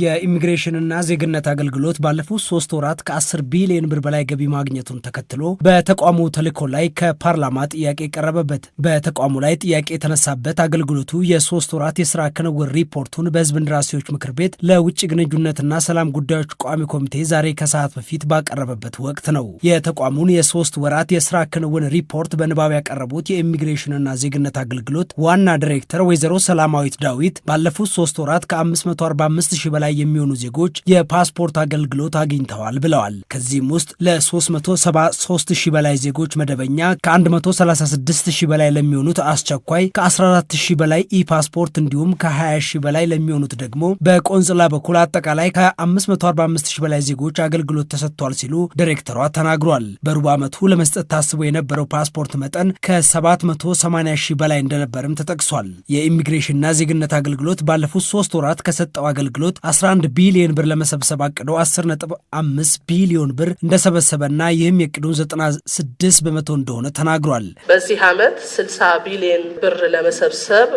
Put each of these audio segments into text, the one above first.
የኢሚግሬሽንና ዜግነት አገልግሎት ባለፉት ሶስት ወራት ከ10 ቢሊዮን ብር በላይ ገቢ ማግኘቱን ተከትሎ በተቋሙ ተልዕኮ ላይ ከፓርላማ ጥያቄ ቀረበበት። በተቋሙ ላይ ጥያቄ የተነሳበት አገልግሎቱ የሶስት ወራት የስራ ክንውን ሪፖርቱን በህዝብ እንደራሴዎች ምክር ቤት ለውጭ ግንኙነትና ሰላም ጉዳዮች ቋሚ ኮሚቴ ዛሬ ከሰዓት በፊት ባቀረበበት ወቅት ነው። የተቋሙን የሶስት ወራት የስራ ክንውን ሪፖርት በንባብ ያቀረቡት የኢሚግሬሽንና ዜግነት አገልግሎት ዋና ዲሬክተር ወይዘሮ ሰላማዊት ዳዊት ባለፉት ሶስት ወራት ከ545 ሺ በላይ የሚሆኑ ዜጎች የፓስፖርት አገልግሎት አግኝተዋል ብለዋል። ከዚህም ውስጥ ለ373 ሺ በላይ ዜጎች መደበኛ፣ ከ136 ሺ በላይ ለሚሆኑት አስቸኳይ፣ ከ14 ሺ በላይ ኢፓስፖርት እንዲሁም ከ20 ሺ በላይ ለሚሆኑት ደግሞ በቆንጽላ በኩል አጠቃላይ ከ545 ሺ በላይ ዜጎች አገልግሎት ተሰጥቷል ሲሉ ዲሬክተሯ ተናግሯል። በሩብ ዓመቱ ለመስጠት ታስቦ የነበረው ፓስፖርት መጠን ከ780 ሺ በላይ እንደነበርም ተጠቅሷል። የኢሚግሬሽንና ዜግነት አገልግሎት ባለፉት ሶስት ወራት ከሰጠው አገልግሎት 11 ቢሊዮን ብር ለመሰብሰብ አቅዶ 10.5 ቢሊዮን ብር እንደሰበሰበና ይህም የዕቅዱን 96 በመቶ እንደሆነ ተናግሯል። በዚህ ዓመት 60 ቢሊዮን ብር ለመሰብሰብ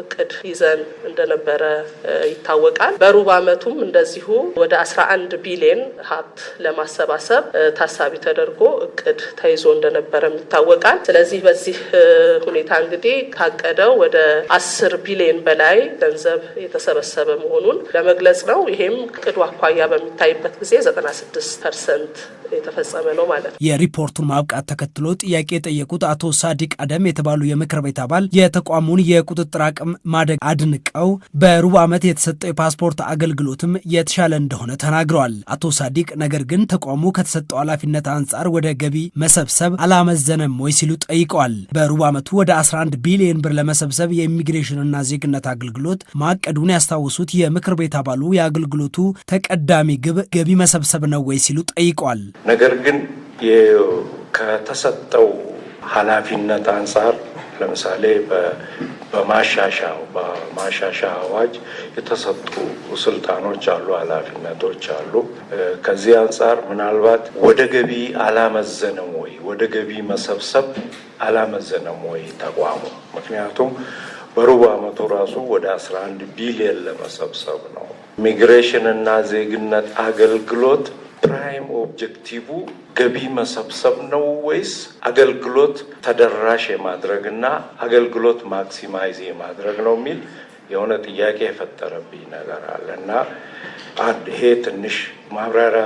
እቅድ ይዘን እንደነበረ ይታወቃል። በሩብ ዓመቱም እንደዚሁ ወደ 11 ቢሊዮን ሀብት ለማሰባሰብ ታሳቢ ተደርጎ እቅድ ተይዞ እንደነበረም ይታወቃል። ስለዚህ በዚህ ሁኔታ እንግዲህ ካቀደው ወደ 10 ቢሊዮን በላይ ገንዘብ የተሰበሰበ መሆኑን ለመግለጽ ነው። ይሄም ቅዱ አኳያ በሚታይበት ጊዜ 96 ፐርሰንት የተፈጸመ ነው ማለት ነው። የሪፖርቱን ማብቃት ተከትሎ ጥያቄ የጠየቁት አቶ ሳዲቅ አደም የተባሉ የምክር ቤት አባል የተቋሙን የቁጥጥር አቅም ማደግ አድንቀው በሩብ ዓመት የተሰጠው የፓስፖርት አገልግሎትም የተሻለ እንደሆነ ተናግረዋል። አቶ ሳዲቅ ነገር ግን ተቋሙ ከተሰጠው ኃላፊነት አንጻር ወደ ገቢ መሰብሰብ አላመዘነም ወይ ሲሉ ጠይቀዋል። በሩብ ዓመቱ ወደ 11 ቢሊዮን ብር ለመሰብሰብ የኢሚግሬሽንና ዜግነት አገልግሎት ማቀዱን ያስታውሱት የምክር ቤት አባሉ የአገልግሎቱ ተቀዳሚ ግብ ገቢ መሰብሰብ ነው ወይ ሲሉ ጠይቀዋል። ነገር ግን ከተሰጠው ኃላፊነት አንጻር ለምሳሌ በማሻሻው በማሻሻ አዋጅ የተሰጡ ስልጣኖች አሉ፣ ኃላፊነቶች አሉ። ከዚህ አንጻር ምናልባት ወደ ገቢ አላመዘነም ወይ ወደ ገቢ መሰብሰብ አላመዘነም ወይ ተቋሙ? ምክንያቱም በሩብ ዓመቱ ራሱ ወደ 11 ቢሊየን ለመሰብሰብ ነው። ኢሚግሬሽን እና ዜግነት አገልግሎት ፕራይም ኦብጀክቲቭ ገቢ መሰብሰብ ነው ወይስ አገልግሎት ተደራሽ የማድረግ እና አገልግሎት ማክሲማይዝ የማድረግ ነው የሚል የሆነ ጥያቄ የፈጠረብኝ ነገር አለ እና አንድ ይሄ ትንሽ ማብራሪያ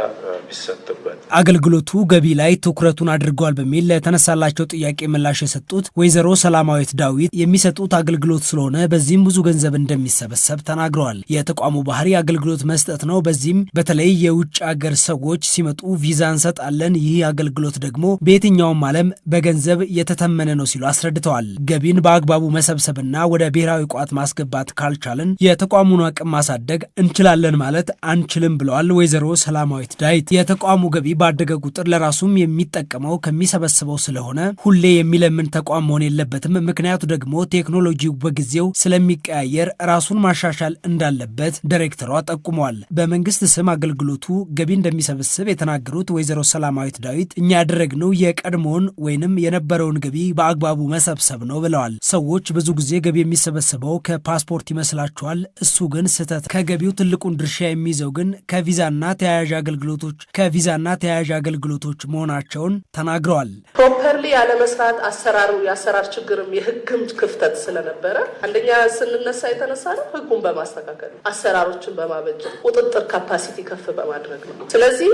ቢሰጥበት። አገልግሎቱ ገቢ ላይ ትኩረቱን አድርገዋል በሚል ለተነሳላቸው ጥያቄ ምላሽ የሰጡት ወይዘሮ ሰላማዊት ዳዊት የሚሰጡት አገልግሎት ስለሆነ በዚህም ብዙ ገንዘብ እንደሚሰበሰብ ተናግረዋል። የተቋሙ ባህሪ አገልግሎት መስጠት ነው። በዚህም በተለይ የውጭ አገር ሰዎች ሲመጡ ቪዛ እንሰጣለን። ይህ አገልግሎት ደግሞ በየትኛውም ዓለም በገንዘብ የተተመነ ነው ሲሉ አስረድተዋል። ገቢን በአግባቡ መሰብሰብና ወደ ብሔራዊ ቋት ማስገባት ካልቻለን የተቋሙን አቅም ማሳደግ እንችላለን ማለት አንችልም ብለዋል ወይዘሮ ሰላማዊት ዳዊት የተቋሙ ገቢ ባደገ ቁጥር ለራሱም የሚጠቀመው ከሚሰበስበው ስለሆነ ሁሌ የሚለምን ተቋም መሆን የለበትም። ምክንያቱ ደግሞ ቴክኖሎጂው በጊዜው ስለሚቀያየር ራሱን ማሻሻል እንዳለበት ዳይሬክተሯ ጠቁመዋል። በመንግስት ስም አገልግሎቱ ገቢ እንደሚሰበስብ የተናገሩት ወይዘሮ ሰላማዊት ዳዊት እኛ ያደረግነው የቀድሞውን ወይንም የነበረውን ገቢ በአግባቡ መሰብሰብ ነው ብለዋል። ሰዎች ብዙ ጊዜ ገቢ የሚሰበስበው ከፓስፖርት ይመስላችኋል። እሱ ግን ስህተት። ከገቢው ትልቁን ድርሻ የሚይዘው ግን ከቪዛና ተያያዥ አገልግሎቶች ከቪዛና ተያያዥ አገልግሎቶች መሆናቸውን ተናግረዋል። ፕሮፐርሊ ያለመስራት አሰራሩ የአሰራር ችግርም የህግም ክፍተት ስለነበረ አንደኛ ስንነሳ የተነሳ ነው ህጉን በማስተካከል አሰራሮችን በማበጀት ቁጥጥር ካፓሲቲ ከፍ በማድረግ ነው። ስለዚህ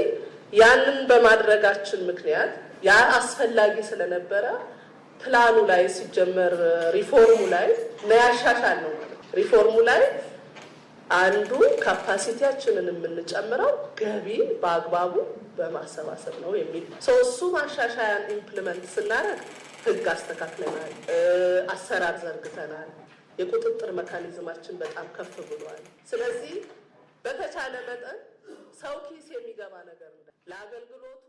ያንን በማድረጋችን ምክንያት ያ አስፈላጊ ስለነበረ ፕላኑ ላይ ሲጀመር ሪፎርሙ ላይ መያሻሻል ነው ማለት ሪፎርሙ ላይ አንዱ ካፓሲቲያችንን የምንጨምረው ገቢን በአግባቡ በማሰባሰብ ነው የሚል ሰው እሱ ማሻሻያን ኢምፕልመንት ስናደርግ ህግ አስተካክለናል፣ አሰራር ዘርግተናል፣ የቁጥጥር መካኒዝማችን በጣም ከፍ ብሏል። ስለዚህ በተቻለ መጠን ሰው ኪስ የሚገባ ነገር ለአገልግሎት